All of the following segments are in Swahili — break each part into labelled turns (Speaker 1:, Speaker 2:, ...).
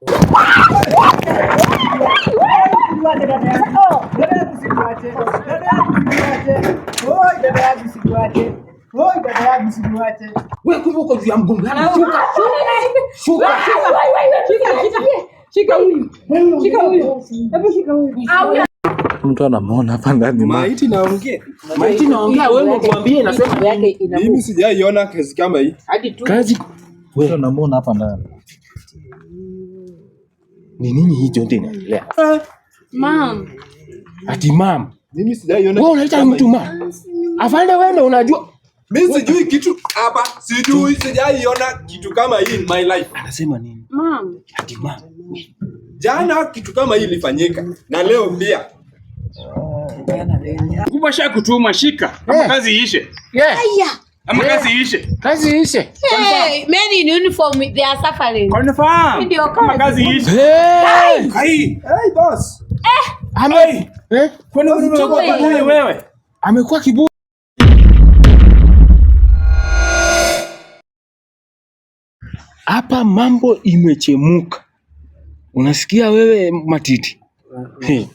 Speaker 1: Wewe juu
Speaker 2: ya Shuka, shuka,
Speaker 3: Mtu anamwona
Speaker 4: hapa ndani. Maiti naongea. Maiti naongea, wewe mwambie inasema yake ina. Mimi sijaiona kazi kama hii.
Speaker 3: Kazi wewe unamwona hapa ndani ni nini hii ndio inaendelea? Mm. Uh, mam. Ati mam. Mimi sijaiona. Wewe unaita mtu mam. Afande
Speaker 4: wewe ndio unajua. Mimi sijui kitu hapa, sijui sijaiona kitu kama hii in my
Speaker 3: life. Anasema nini?
Speaker 2: Mam. Ati
Speaker 4: mam. Jana kitu kama hii ilifanyika na leo pia. Oh, Kubasha kutuma shika, Kama eh. kazi
Speaker 2: iishe. Yeah.
Speaker 4: Ama Kazi
Speaker 3: ishe. Kazi ishe.
Speaker 2: men in uniform they
Speaker 3: are suffering.
Speaker 2: Confirm. Ndio kama
Speaker 4: kazi ishe. Hey. Hey boss. Eh. Ame. Eh. Kwani
Speaker 3: wewe? Amekuwa Hapa mambo imechemuka. Unasikia wewe Matiti? Uh-huh. Hey.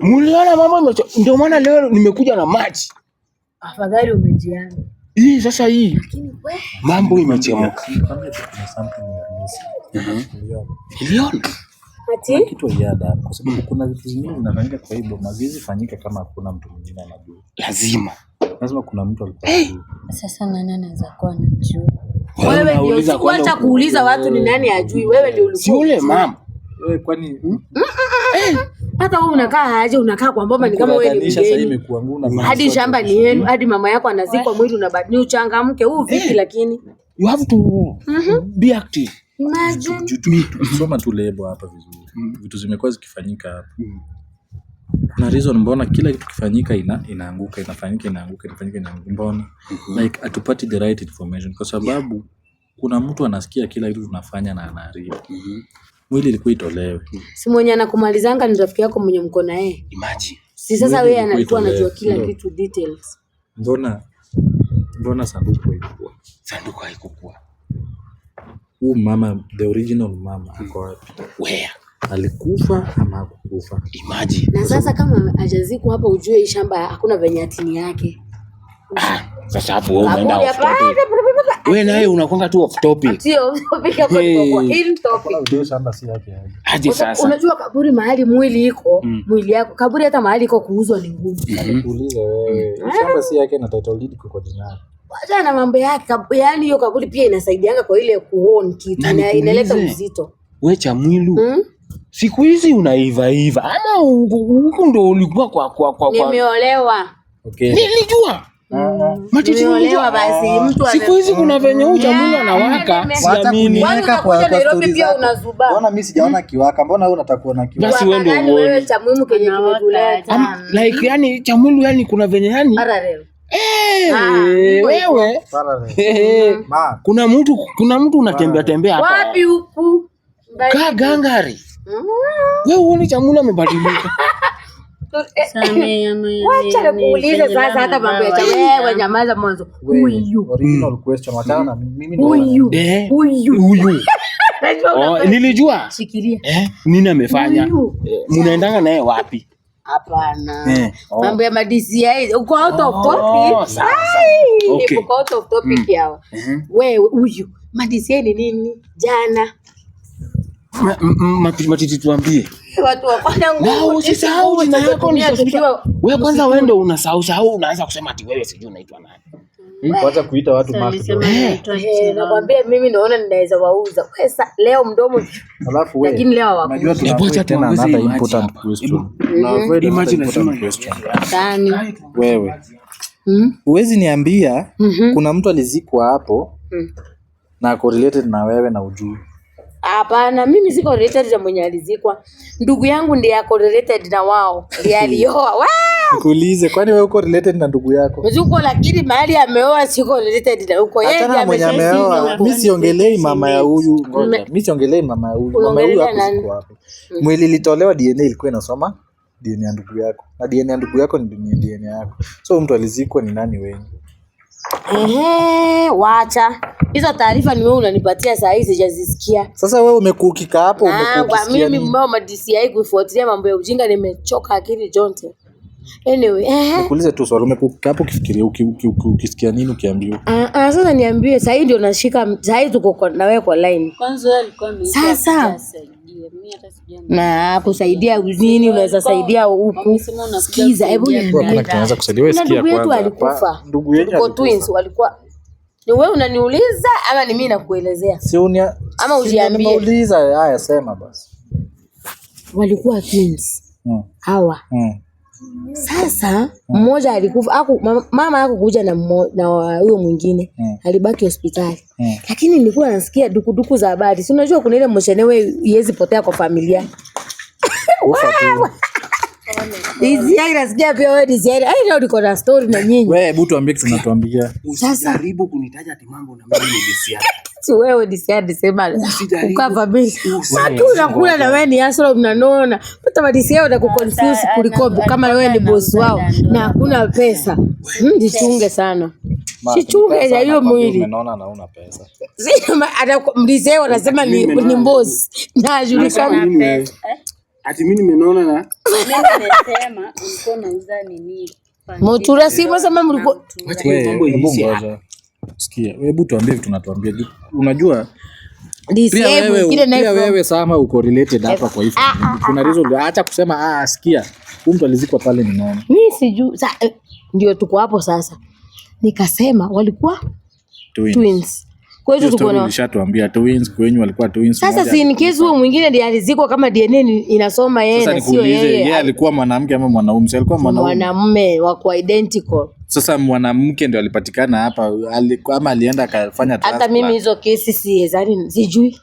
Speaker 3: Muliona mambo imechemuka. Ndio maana leo nimekuja na
Speaker 2: maji. Afadhali hii sasa hii
Speaker 3: mambo imechemka. Niliona hmm. lazima
Speaker 2: sasa nani anaweza kuwa anajua? Wewe ndio sikuwa hata kuuliza watu ni nani ajui, wewe ndio ulikuwa.
Speaker 3: Si yule mama.
Speaker 4: Wewe kwani? Hmm?
Speaker 2: Hata wewe unakaa aje, unakaa kwa mboma
Speaker 4: ni kama wewe ni mgeni.
Speaker 2: Hadi shamba ni yenu, hadi mama yako anazikwa mwili unabadili uchangamke huu vipi eh.
Speaker 3: lakini? You have to mhm.
Speaker 2: be active.
Speaker 5: Tukisoma tu lebo hapa vizuri. Mm. Vitu zimekuwa zikifanyika hapa. Mm. na reason mbona kila kitu kifanyika ina inaanguka inafanyika inaanguka inafanyika inaanguka mbona? Mm-hmm. Like atupati the right information kwa sababu kuna mtu anasikia kila kitu tunafanya na anaharibu. Mm-hmm mwili ilikuwa
Speaker 2: itolewe. Si mwenye anakumalizanga ni rafiki yako mwenye mko na
Speaker 3: yeye. Imagine.
Speaker 2: Si sasa wewe anakuwa anajua kila kitu
Speaker 5: details. Mbona mbona sanduku
Speaker 3: haikuwa? Sanduku haikuwa.
Speaker 5: Huyu mama the original mama
Speaker 3: ako hmm. wapi? Where?
Speaker 5: Alikufa ama hakukufa?
Speaker 3: Imagine.
Speaker 2: Na sasa kama ajaziku hapa, ujue shamba hakuna venye atini yake.
Speaker 3: Ah, sasa hapo wewe unaenda off topic. Wewe naye unakwanga tu
Speaker 2: off topic. Sio off topic hapo kwa in topic. Ndio
Speaker 5: shamba si yake.
Speaker 2: Hadi yaani. sasa. Unajua kaburi mahali mwili iko, mm. mwili yako. Kaburi hata mahali iko
Speaker 5: kuuzwa ni ngumu. Kuuliza mm-hmm. wewe. Mm. Shamba ah. si yake na title deed kwa jina
Speaker 2: lako. Wacha na mambo yake. Yaani hiyo kaburi pia inasaidianga kwa ile kuone kitu na inaleta
Speaker 3: uzito. Wewe cha mwilu. Hmm? Siku hizi unaiva iva. ama huko ndo ulikuwa kwa kwa kwa. Nimeolewa. Okay. Nilijua. Mm. Siku hizi kuna venye uchamungu anawaka, siamini.
Speaker 2: Mbona
Speaker 5: mimi sijaona mm. kiwaka? Mbona wewe unataka kuona
Speaker 3: kiwaka? Basi wewe ndio uone mm. Like yani yani kuna venye yani Hey, eh, ah, wewe hey, eh, eh. kuna mtu kuna mtu unatembea
Speaker 2: tembea hapa wapi huku
Speaker 3: wewe uone chamula amebadilika
Speaker 2: Wacha nakuulize sasa, hata mambo ya wewe, nyamaza mwanzo. Huyu
Speaker 5: original question, wachana na mimi. Huyu
Speaker 3: huyu
Speaker 2: nilijua
Speaker 3: nini amefanya. Mnaendanga naye wapi?
Speaker 2: Hapana, mambo ya madisi uko
Speaker 3: out of topic.
Speaker 2: uko out of topic yao. Wewe huyu madisi ni nini? Jana
Speaker 3: matiti, tuambie na usisahau jina yako. Wewe kwanza, wewe ndio unasahau sahau, unaanza kusema ati wewe sijui unaitwa
Speaker 5: nani. Kwanza hmm? kuita watu eh.
Speaker 2: Eh, nakwambia, mimi naona ninaweza wauza pesa leo mdomo, lakini leo yaani?
Speaker 5: wewe hmm? huwezi niambia mhm. kuna mtu alizikwa hapo hmm. na na wewe na ujui
Speaker 2: Hapana, mimi siko related na mwenye alizikwa. Ndugu yangu ndiye ako related na wao, ndiye alioa. Wow! Nikuulize,
Speaker 5: kwani wewe uko related
Speaker 2: na ndugu yako? Uko, lakini mahali ameoa siko related na uko Yeye ndiye mwenye
Speaker 5: ameoa. Mimi siongelei mama ya huyu. Mimi siongelei mama ya huyu. Mama huyu hapo hapo. Mwili litolewa, DNA ilikuwa inasoma DNA ya ndugu yako. Na DNA ya ndugu yako ni DNA yako. So mtu alizikwa ni nani wewe?
Speaker 2: Ehe, wacha hizo taarifa ni wewe unanipatia saa
Speaker 5: hii, sijazisikia. Sasa wewe umekukika
Speaker 2: hapo, ah, umekukisikia mimi nini? mbao madisi kuifuatilia mambo ya ujinga, nimechoka akili jonte.
Speaker 5: nikuulize tu swali umepokea hapo ukifikiria ukisikia
Speaker 2: nini ukiambiwa Ah, ah, sasa niambie sahii ndio nashika sahii tuko kwa- na wewe kwa line Kwanza wewe alikuwa ameita Sasa. asaidia. Mimi hata sijui na kusaidia nini unaweza saidia huku sikiza hebu kusaidia. Bro, hakuna niambie
Speaker 5: kitu naweza kusaidia wewe sikia
Speaker 2: kwanza, ndugu yetu alikufa Pa- ndugu yenyu Tuko twins walikuwa ni wewe unaniuliza ama ni mimi
Speaker 5: nakuelezea si unia Ama si ujiambie. nimeuliza haya sema
Speaker 2: basi walikuwa twins mm. hawa mm. Sasa mmoja alikufa aku, mama hakukuja na huyo mwingine yeah. Hmm. alibaki hospitali yeah. Hmm. Lakini nilikuwa nasikia dukuduku za habari, si unajua kuna ile moshene wewe iwezi potea kwa familia nasikia pia wewe niko na story
Speaker 3: na nyinyi. Wewe hebu tuambie kitu unatuambia.
Speaker 4: Usijaribu kunitaja ati mambo na mimi
Speaker 2: si wewe disia Desemba ukava mimi maki unakula na wewe ni aslo mnanona pata madisiao yao na kuconfuse kulikombo kama wewe ni boss wao na hakuna pesa. Mdi mm, sana shichunge ya hiyo mwili mdizee wanasema ni ni mbosi na ajulikana
Speaker 5: eh? Ati mimi nimeona na
Speaker 2: mimi nimesema mutura simo sema
Speaker 5: mlikuwa Sikia, hebu tuambie vitu unatuambia. Unajua pia wewe, pia wewe sama uko related hapa kwa hivyo. Ah, ah, Kuna ah, reason acha kusema ah, sikia. Huyu mtu alizikwa pale
Speaker 2: ninaona. Mimi sijui. Sasa eh, ndio tuko hapo sasa. Nikasema walikuwa twins. Twins. Kwa hiyo tuko
Speaker 5: na nishatuambia twins, kwenyu walikuwa twins.
Speaker 2: Sasa si in case huo mwingine ndiye alizikwa kama DNA inasoma yeye na sio
Speaker 5: yeye. Yeye alikuwa mwanamke ama mwanaume? Alikuwa
Speaker 2: mwanaume. Mwanamume wa identical
Speaker 5: sasa mwanamke ndio alipatikana hapa ali, ama alienda akafanya
Speaker 2: hata mimi hizo kesi siezani sijui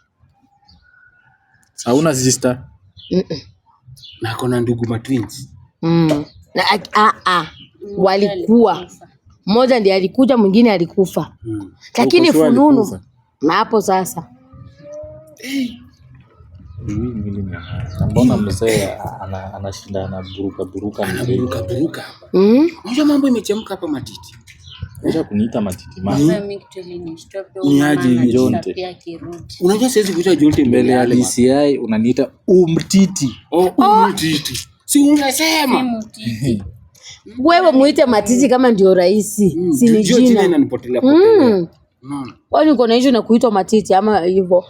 Speaker 5: hauna sister na kona ndugu matwins
Speaker 2: mm. Na a, a, walikuwa mmoja ndiye alikuja mwingine alikufa mm. lakini fununu na hapo sasa eh.
Speaker 5: Mbona mzee anashinda anaburuka
Speaker 3: buruka buruka hmm? Unajua mambo imechemka hapa
Speaker 5: matiti. kuniita matiti mama. Hmm?
Speaker 3: Ni aje Unajua siwezi kuita mbele ya DCI yaani unaniita umtiti. Oh, oh. Si unasema.
Speaker 2: Wewe muite matiti kama ndio rahisi, hmm, si ni jina jina. inanipotelea potelea. Mm. Kwani uko na hicho na kuitwa matiti ama hivyo?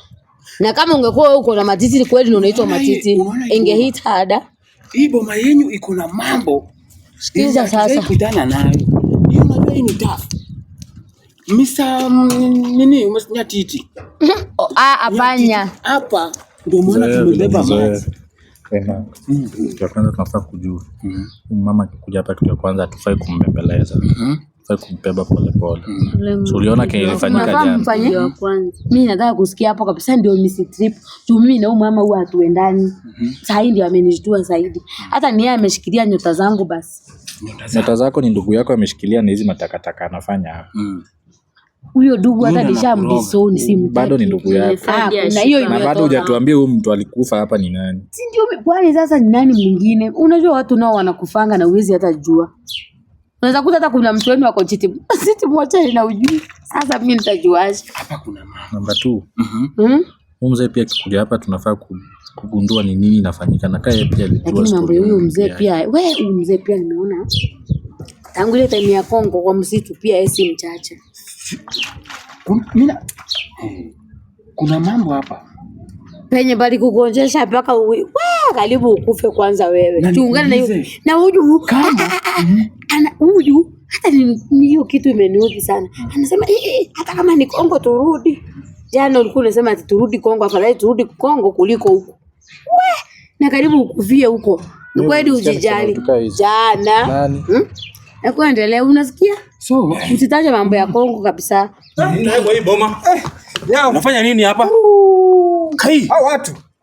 Speaker 2: Na kama ungekuwa uko na matiti kweli ndio unaitwa matiti, ingehita ada.
Speaker 3: Hii boma yenyu iko na
Speaker 2: mambo. Sikiza sasa.
Speaker 3: Kutana nayo. Hiyo unajua hii ni tough Misa mm, nini nyatiti. Ah, apanya. Hapa ndio maana tumebeba maji.
Speaker 5: Eh, mm. Kitu ya kwanza tunafaa kujua. Mm. Mama akikuja hapa, kitu ya kwanza hatufai kumbembeleza. Mm-hmm kumpeba polepole. Mm. uliona kenye jana.
Speaker 2: Mimi nataka kusikia hapo kabisa ndio miss trip. Juu mimi na mama huwa hatuendani. Mhm. Sahii ndio amenishtua zaidi. Mm. Hata ni yeye ameshikilia nyota zangu
Speaker 5: basi. Nyota zako ni ndugu yako ameshikilia ni hizi matakataka anafanya hapo
Speaker 2: mm. Huyo dugu hata nishambiso si mtaki.
Speaker 5: Bado ni ndugu yako.
Speaker 2: Ah, na na
Speaker 5: bado hujatuambia huyu mtu alikufa hapa ni
Speaker 2: nani? Si ndio kwani sasa ni nani mwingine? Unajua watu nao wanakufanga na uwezi hata jua. Unaweza kuta hata kuna mtu wenu wako chiti chiti moja ina ujui. Sasa mimi nitajuaje?
Speaker 3: Hapa kuna mama. Namba
Speaker 5: 2. Mhm. Mm mzee pia kikuja hapa tunafaa kugundua ni nini inafanyika na
Speaker 2: kaya pia alijua story. Lakini huyu mzee pia wewe huyu mzee pia nimeona tangu ile time ya Kongo kwa msitu pia yeye si mchache.
Speaker 3: na eh, kuna mambo hapa
Speaker 2: penye bali kugonjesha mpaka wewe karibu ukufe kwanza wewe. Tuungane na hiyo.
Speaker 3: na huyu kama
Speaker 2: hmm? ana huyu hata hiyo kitu imeniudhi sana. Hmm. Anasema eh, eh, hata kama ni Kongo turudi. Jana ulikuwa unasema ati turudi Kongo, afadhali turudi Kongo kuliko huko. We, na karibu ukuvie huko. Kweli ujijali. Jana. Hmm? Na kuendelea
Speaker 3: unasikia? So,
Speaker 2: usitaje mambo ya Kongo
Speaker 4: kabisa. Eh,
Speaker 3: Nafanya nini hapa? Kai. Hao watu.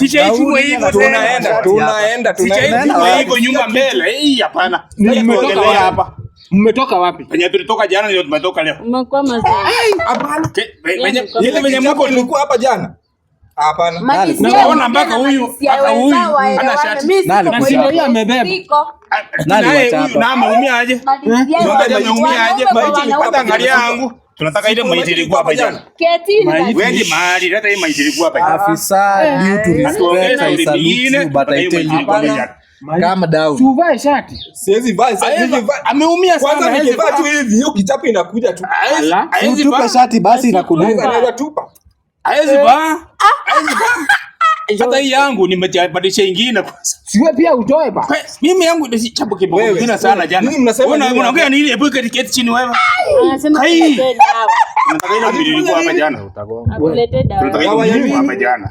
Speaker 3: Sijaichukua hivyo tunaenda tunaenda tunaenda hivyo nyuma mbele. Hii hapana. Nimetoka hapa. Mmetoka wapi? Penye tulitoka jana ndio tumetoka leo.
Speaker 2: Mmekwama sana.
Speaker 3: Hapana. Ile yaani venye mko tulikuwa hapa jana. Hapana. Naona mpaka huyu mpaka huyu ana shati. Na eh? sio yeye amebeba. Nani wacha hapa? Naumia aje? Naumia aje? Maiti nipata angalia yangu. Tunataka ile maiti ilikuwa hapa jana. Wendi mahali hata
Speaker 5: ile maiti ilikuwa hapa jana. Afisa due eh. to respect I salute you but I tell you hapana. Calm down.
Speaker 2: Tuvae shati.
Speaker 3: Siwezi vaa shati. Ameumia sana. Kwanza nikivaa tu hivi ukichapa inakuja tu. Tupe shati basi inakudunga. tupa. Hawezi vaa. Eh. Ah. Hawezi vaa. Ah hata hii yangu nimebadilisha ingine kwanza. Siwe pia utoe ba. Mimi yangu ni chapo kibogo kingine sana jana. Wewe unaongea ni ile epuka tiketi chini wewe. Anasema ndio dawa. Nataka ile mbili ilikuwa hapa jana utagonga. Nataka ile mbili hapa jana.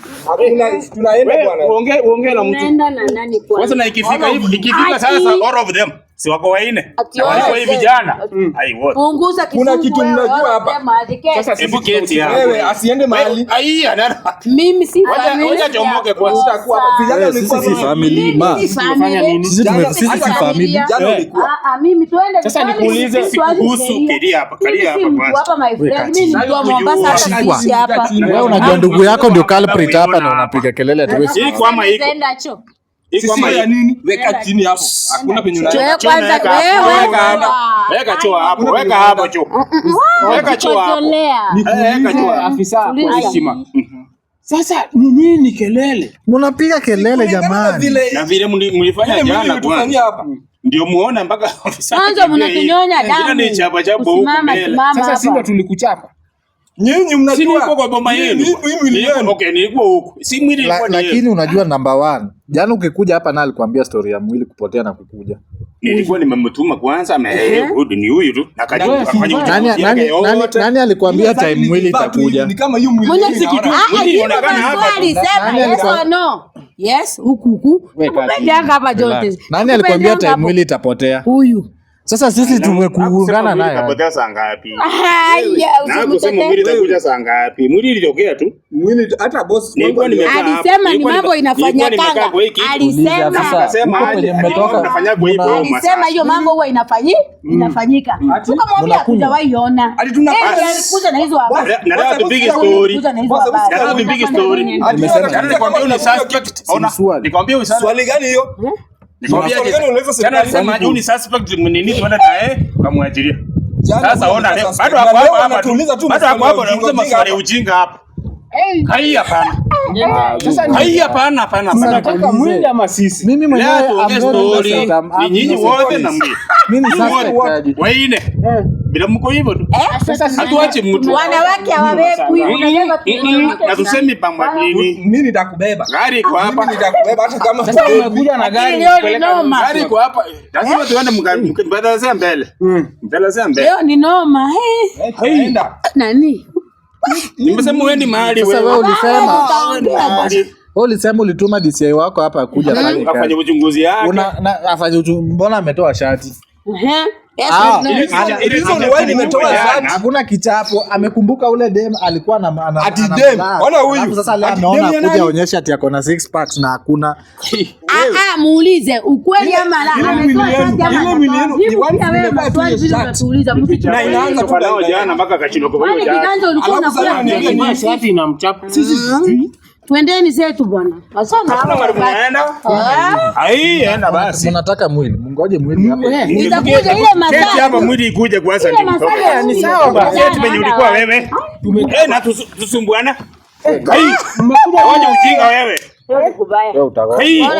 Speaker 3: Tunaenda bwana. Ongea na mtu. Sasa na ikifika hivi, ikifika sasa all of them si wako waine walikuwa hivi jana. Mm. Punguza kuna kitu mnajua hapa sasa. Hebu keti hapa, wewe asiende mahali mimi si familia, chomoke kwanza.
Speaker 5: Sisi si
Speaker 2: familia, sisi sisi si familia. Eh. Ah, ah,
Speaker 3: mimi twende. sasa, nikuulize kuhusu keti hapa, kalia
Speaker 2: hapa kwa Hapa my friend. Mimi ndio Mombasa,
Speaker 3: hata sisi hapa. Wewe unajua ndugu yako ndio culprit hapa, na unapiga kelele tu. Hii kwama iko ya nini? Weka chini hapo. Hakuna penye
Speaker 2: Weka
Speaker 3: hapo. Weka hapo choo.
Speaker 2: Mm, mm, mm. Weka choo hapo.
Speaker 3: Eh, weka choo afisa kwa heshima. Sasa ni nini kelele? Mnapiga kelele jamani. Na vile mlifanya jana kwanza. Ndio
Speaker 2: muone mpaka afisa. damu.
Speaker 3: Sasa si tulikuchapa. Nyinyi mnajua kwa boma yenu. Okay, niko
Speaker 5: huko. Si mwili Lakini unajua namba one. Jana ukikuja hapa na alikuambia story ya mwili kupotea na
Speaker 3: kukuja. Nilikuwa nimemtuma kwanza amerudi eh, ni huyu tu.
Speaker 5: akafanya nani nani nani alikuambia time mwili
Speaker 3: itakuja. Ni kama hiyo
Speaker 2: mwili. Ah, ah, mwili hapa. Sema yes or no. Yes, huku huku.
Speaker 5: Nani alikuambia time mwili
Speaker 2: itapotea? Huyu.
Speaker 5: Sasa sisi
Speaker 3: tumekuungana naye. Kapotea ah, saa ngapi? mwili itakuja saa ngapi? Mwili ilitokea tu. Mwili
Speaker 2: hata boss Alisema ni mambo inafanya kanga.
Speaker 3: Alisema Mmetoka
Speaker 2: Alisema hiyo mambo huwa inafanyi inafanyika. Tukamwambia mm. mm. ona.
Speaker 3: na hizo habari. Na leo tupige story. tupige story. Nimesema nikwambie Nikwambie Swali gani hiyo? Kamwachilia sasa, yaani yaani yaani ona bado hapo hapo, unauliza maswali ya ujinga hapa. Hai hapana. Hai hapana hapana.
Speaker 2: Bila mko hivyo tu. Hatuache mtu. Wanawake
Speaker 3: hawabebwi. Na tuseme pamoja Mimi nitakubeba. Gari kwa hapa nitakubeba hata kama umekuja na gari. Gari kwa hapa. Lazima tuende mkabadala mbele. Mbele mbele. Leo ni noma. Eh. Nani? Nimesema
Speaker 5: mahali wewe. Ulisema ulituma DCI
Speaker 3: wako hapa kuja hmm? afanye uchunguzi
Speaker 5: yake. Afanye uchunguzi, mbona ametoa shati? Ah, hakuna kichapo, amekumbuka ule dem
Speaker 3: alikuwa na ati dem wala
Speaker 5: huyu sasa, leo ameona kuja onyesha ati ako na six packs na
Speaker 2: hakuna. Ah, ah, muulize ukweli ama la,
Speaker 3: na inaanza tu jana mpaka akashindwa. Kwa
Speaker 2: hiyo jana, alafu
Speaker 3: sasa ni nini?
Speaker 2: Sisi Twendeni zetu bwana.
Speaker 3: Ah.
Speaker 5: Enda basi. Mnataka mwili. Mngoje mwili mm,
Speaker 2: hapa. Eh, ile
Speaker 3: masaa. Hapa mwili ikuje kwanza eh, Ni sawa basi. Sisi penye ulikuwa wewe. Eh, na tusumbuana. Waje ujinga wewe
Speaker 2: uone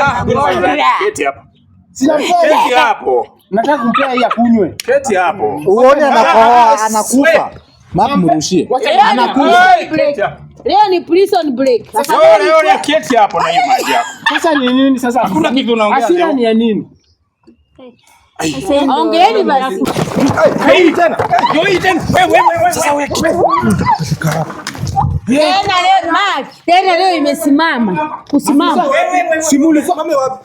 Speaker 3: na
Speaker 5: nataka kumpea hii akunywe,
Speaker 3: keti hapo
Speaker 5: uone anakohoa anakufa. Mark mrushie.
Speaker 2: Anakuja. Leo ni prison break.
Speaker 3: Sasa leo leo keti hapo na hiyo
Speaker 5: maji yako. Sasa ni
Speaker 3: nini sasa? Hakuna kitu
Speaker 5: unaongea. Asira ni ya nini?
Speaker 2: Ongeeni basi.
Speaker 3: tena. tena. Wewe wewe wewe.
Speaker 2: Tena leo Mark. Tena leo imesimama. Kusimama.
Speaker 3: Simule kama wapi?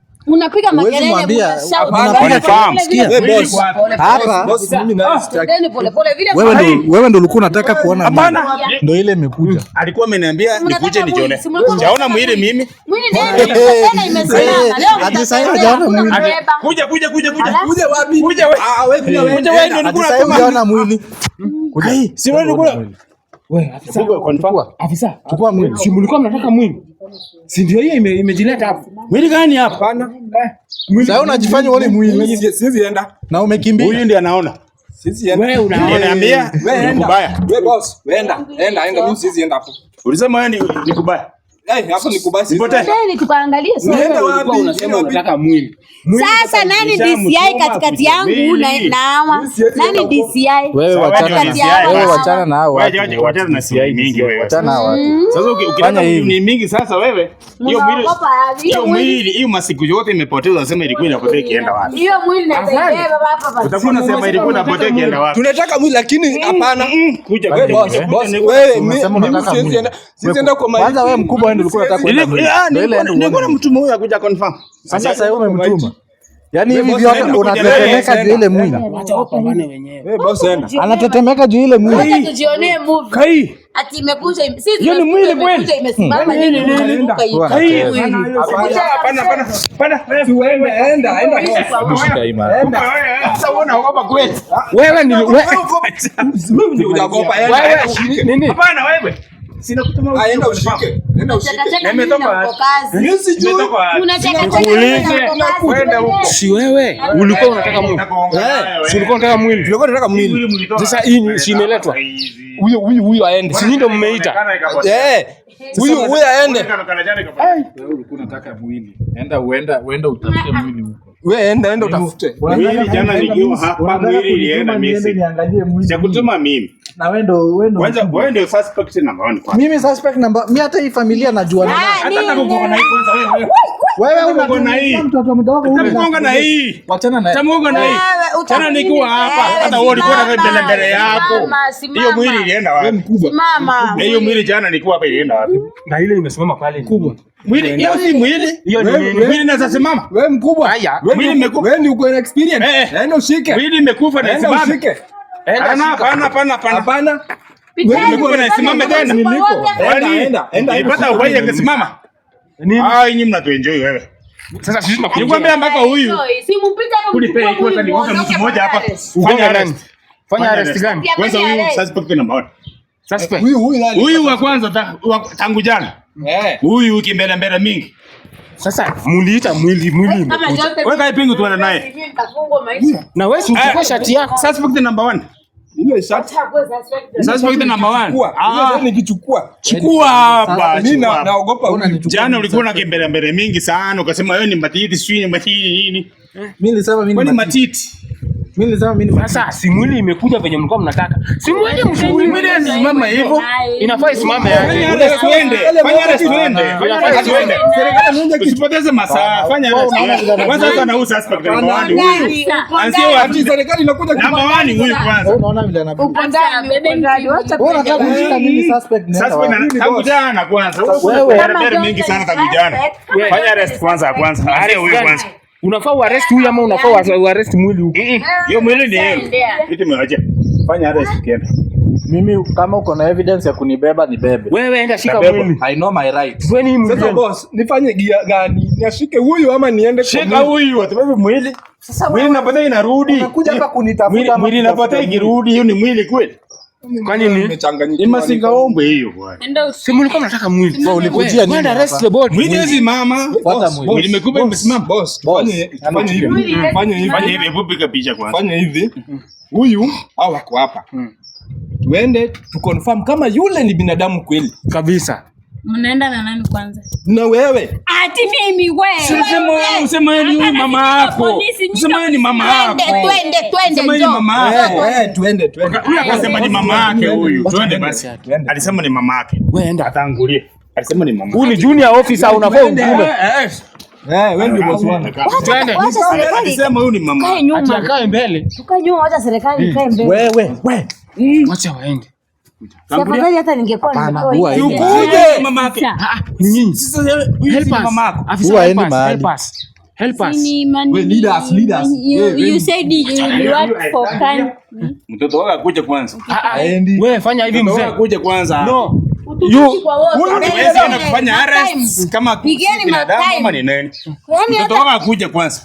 Speaker 5: Unapiga makelele wewe ah. ndio ulikuwa
Speaker 3: unataka kuona ndo ile imekuja. Mm. Alikuwa ameniambia nikuje nijione. Sijaona mwili
Speaker 2: mimi. Kuja
Speaker 3: mwili. Mm wewe afisa chukua, afisa chukua mwili. Si mlikuwa mnataka mwili, si ndio? Hiyo imejileta hapo. Mwili gani hapa? Eh, sasa unajifanya wewe mwili. Siwezi enda na umekimbia. Huyu ndiye anaona wewe, kubaya. Wewe boss, wewe enda, enda, enda. Mimi siwezi enda hapo. Ulisema wewe ni kubaya Eh,
Speaker 2: sasa. nani DCI katikati yangu na hawa? Nani
Speaker 5: DCI? Wewe wachana
Speaker 3: na hao. Wachana na DCI mingi wewe. Wachana na hao. Sasa ukifanya hivi ni mingi sasa wewe. Hiyo mwili. Hiyo mwili, hiyo masiku yote imepoteza unasema ilikuwa inapotea
Speaker 2: ikienda wapi? Hiyo mwili na baba hapa.
Speaker 3: Utakuwa unasema ilikuwa inapotea ikienda wapi? Tunataka mwili lakini hapana. Kuja wewe. Wewe mimi
Speaker 5: sienda kwa mali. Kwanza wewe mkubwa
Speaker 3: Nilikuwa namtuma huyo akuja
Speaker 5: confirm. Sasa sasa wewe umemtuma. Yaani hivi vyote unatetemeka juu ile mwili. Wewe boss enda. Anatetemeka
Speaker 2: juu ile mwili.
Speaker 3: tujionee movie.
Speaker 2: Kai. Ati imekuja sisi. Hiyo mwili kweli. Imesimama nini nini. Kai.
Speaker 3: Hapana hapana. Hapana. Tuende enda
Speaker 5: enda. Tushika
Speaker 3: imara. Sasa unaona uogopa kweli. Wewe ni wewe. Unaogopa enda. Wewe nini? Hapana wewe. Sina ah, Si wewe. Eh, ulikuwa unataka mwili. ulikuwa unataka mwili. Sasa hii si imeletwa. Huyo huyo huyo aende. Si ndio mmeita. Eh. Huyu aende. Ulikuwa Enda enda utafute. jana nikiwa hapa mwili ilienda mimi. Sikutuma mimi na wewe ndo wewe ndo wewe ndio suspect number
Speaker 5: 1 kwanza. Mimi suspect number mimi hata hii familia
Speaker 2: najua ah, na hata
Speaker 3: nakuona hii kwanza wewe. Wewe unaona hii mtoto mdogo huyu. Tamuonga na hii. Wachana na hii. Tamuonga na hii. Tena nikuwa hapa eh, hata wewe ulikuwa na mbele mbele yako. Hiyo mwili ilienda wapi? Mkubwa. Na hiyo mwili jana nilikuwa hapa ilienda
Speaker 5: wapi? Na ile
Speaker 3: imesimama pale. Kubwa. Mwili hiyo si mwili. Hiyo ni mwili na sasa mama. Wewe mkubwa. Haya. Mwili umekufa. Wewe ni uko na experience. Eh, eh. Naenda yaani ushike. Mwili imekufa na yaani sasa mama mnatuenjoy wewe. Sasa sisi mpaka huyu.
Speaker 5: Fanya arrest gani?
Speaker 3: Huyu wa kwanza tangu jana. Eh. Huyu wiki mbele mbele mingi
Speaker 5: sasa muliita mwili mwili
Speaker 3: Weka hii pingu tuende naye. Na wewe si uchukue eh, shati yako. the number 1. Ile shati. the number 1. Ah, yaani nikichukua. Chukua hapa. Mimi naogopa. Jana ulikuwa na kembele mbele mingi sana, ukasema wewe ni mbatiti, sio ni mbatiti
Speaker 5: nini? Mimi
Speaker 3: sasa simu ile imekuja venye mlikuwa mnataka. Simu simama hivyo. Inafaa isimame yani. Fanya ile Fanya ile Serikali mmoja kisipoteze masaa. Fanya ile Kwanza sasa na huyu suspect number 1 Anzie wapi serikali inakuja kwa number 1
Speaker 2: huyu kwanza. Wewe unaona vile anabeba. Upandani bebe. Wewe
Speaker 5: unataka kushika
Speaker 3: mimi suspect na suspect tangu jana kwanza. Wewe mengi sana tangu jana. Fanya arrest kwanza kwanza. Arie huyu kwanza. Unafaa uarrest huyu ama unafaa uarrest mwili huko? Hiyo mwili ni yeye. Kiti mwaje.
Speaker 5: Fanya arrest ukienda. Mimi kama uko na evidence ya kunibeba nibebe.
Speaker 3: Wewe enda shika mwili. I know my
Speaker 5: rights. Wewe right. Sasa boss, nifanye gia gani? Nishike huyu ama niende kwa mwili?
Speaker 3: Shika huyu, atibabu mwili. Sasa mwili napotea inarudi. Unakuja hapa kunitafuta. Mwili napotea ikirudi, hiyo ni mwili kweli? Kwani ni Ni masinga hiyo bwana. Si mlikuwa mnataka mwili. Wewe nini? rest the body. Mwili hizi mama. Fuata mwili. Mwili imesimama boss. Fanya fanya hivi. Fanya hivi. Fanya hivi. Hebu piga picha kwanza. Fanya hivi. Huyu au wako hapa. Mm. Tuende tu confirm kama yule ni binadamu kweli. Kabisa.
Speaker 2: Mnaenda na
Speaker 3: nani kwanza? Na
Speaker 2: wewe? Ati
Speaker 3: mimi wewe. Sema sema ni mama yako. Sema ni
Speaker 2: mama yako. Twende, twende, twende. Sema
Speaker 3: Mama yako. Eh, eh, twende, twende. Huyu akasema ni mama yake huyu. Twende basi. Alisema ni mama yake. Wewe enda. Atangulie. Alisema ni mama. Huyu ni junior officer unavaa umgume. Eh, eh, eh, wewe ndio boss wangu. Twende. Alisema huyu ni mama. Kae nyuma. Acha kae mbele.
Speaker 2: Tukae nyuma, acha serikali kae mbele. Wewe,
Speaker 3: wewe. Acha waende. Ah, ah, Mtoto wako akuje kwanza. Ah, wewe fanya hivi mzee. Akuje kwanza. No. Kufanya arrest kama binadamu ama ni nani? Mtoto wako akuje kwanza.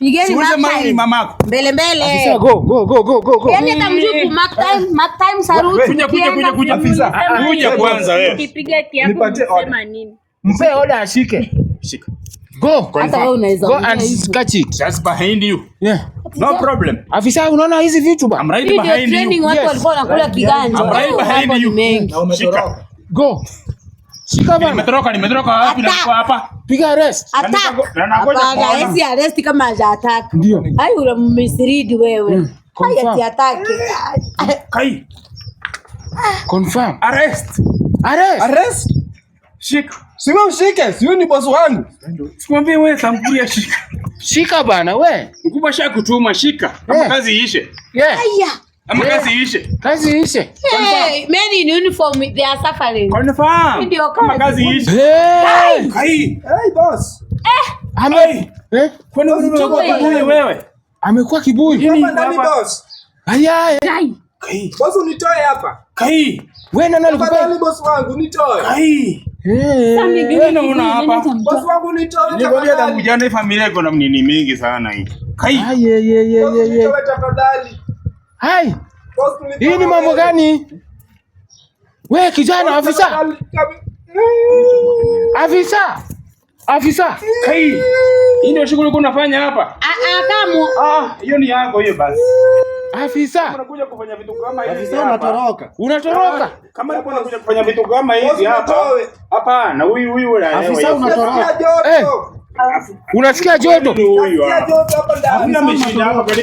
Speaker 2: Pigeni mamako mbele
Speaker 3: mbele. Afisa go go go go go go. Yeye yaani
Speaker 2: tamjuku mark time mark time saruti.
Speaker 3: Kuja kuja kuja kuja afisa. Yaani kuja kwanza wewe. Ukipiga
Speaker 2: kiapo unasema
Speaker 3: nini? Mpe order ashike. Shika. Go. Hata wewe unaweza. Go and catch it. Just behind you. Yeah. No problem. Afisa unaona hizi vitu bwana. I'm right
Speaker 2: behind you. Training watu walikuwa wanakula kiganja. I'm
Speaker 3: right behind you. Na umetoroka. Go. Nimetoroka, nimetoroka wapi na niko hapa? Piga arrest.
Speaker 2: Piga arrest kama hajataka. Ndio. Hai unammislead wewe. Hai mm,
Speaker 3: hataki. Kai. Confirm. Arrest. Arrest. Arrest. Shika. Sima ushike, siyo ni boss wangu. Sikwambie wewe tangulia shika. Shika bana wewe. Mkubwa shakutuma shika. Kama eh. kazi iishe. Yeah. Aya. Ama kazi ishe. Kazi ishe.
Speaker 2: men in uniform they are suffering. Confirm.
Speaker 3: Ndio kama kazi ishe. Hey, kai. Hey
Speaker 4: boss. Eh.
Speaker 2: Ame. Eh?
Speaker 3: Kwani unachukua kiburi wewe? Amekuwa kiburi.
Speaker 4: Yeye ndani boss. Aya. Kai. Boss unitoe hapa.
Speaker 3: Kai. Wewe nani alikupea? Ndani boss
Speaker 4: wangu nitoe.
Speaker 3: Kai. familia iko na nini mingi sana hii. Kai. Aye, ye, ye, ye, ye.
Speaker 4: Tafadhali.
Speaker 3: Hai. Hii ni mambo gani? We kijana afisa. Afisa. Afisa. Kai. Hii ndio shughuli uko unafanya hapa?
Speaker 2: Ah ah kamu.
Speaker 4: Ah, hiyo ni yako hiyo basi.
Speaker 3: Afisa. Unakuja
Speaker 4: kufanya vitu kama hivi.
Speaker 3: Afisa unatoroka. Unatoroka. Kama
Speaker 4: ulikuwa unakuja kufanya vitu kama hivi hapa. Hapana, huyu huyu wewe. Afisa
Speaker 3: unatoroka. Eh. Unasikia joto?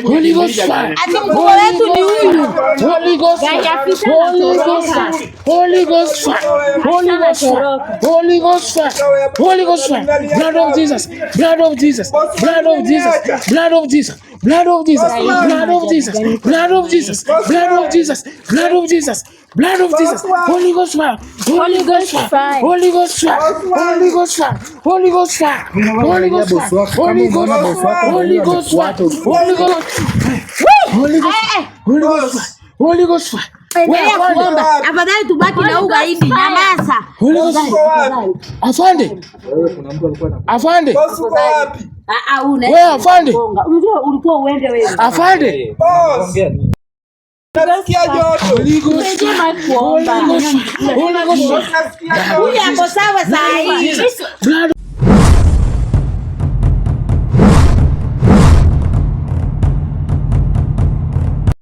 Speaker 3: Holy
Speaker 2: Ghost fire. Mkuu wetu ni huyu.
Speaker 3: Holy Ghost fire. Holy Ghost fire. Holy Ghost fire. Holy Ghost fire. Holy Ghost fire. Blood of Jesus. Blood of Jesus. Blood of Jesus. Blood of Jesus blood of Jesus, blood of Jesus, blood of Jesus, blood of Jesus, blood of Jesus, blood of Jesus, Holy Ghost fire, Holy Ghost fire, Holy Ghost fire, Holy Ghost fire, Holy Ghost fire, Holy Ghost fire, Holy Ghost fire, Holy Ghost fire, Holy Ghost fire, Holy Ghost fire, Holy Ghost fire, Holy Ghost
Speaker 2: fire. kuomba afadhali tubaki na ugaidi
Speaker 3: nyamasa. Afande,
Speaker 4: afande,
Speaker 2: ah,
Speaker 3: ah, afande, ulikuwa uende wewe afande.
Speaker 2: Uko sawa saa hii.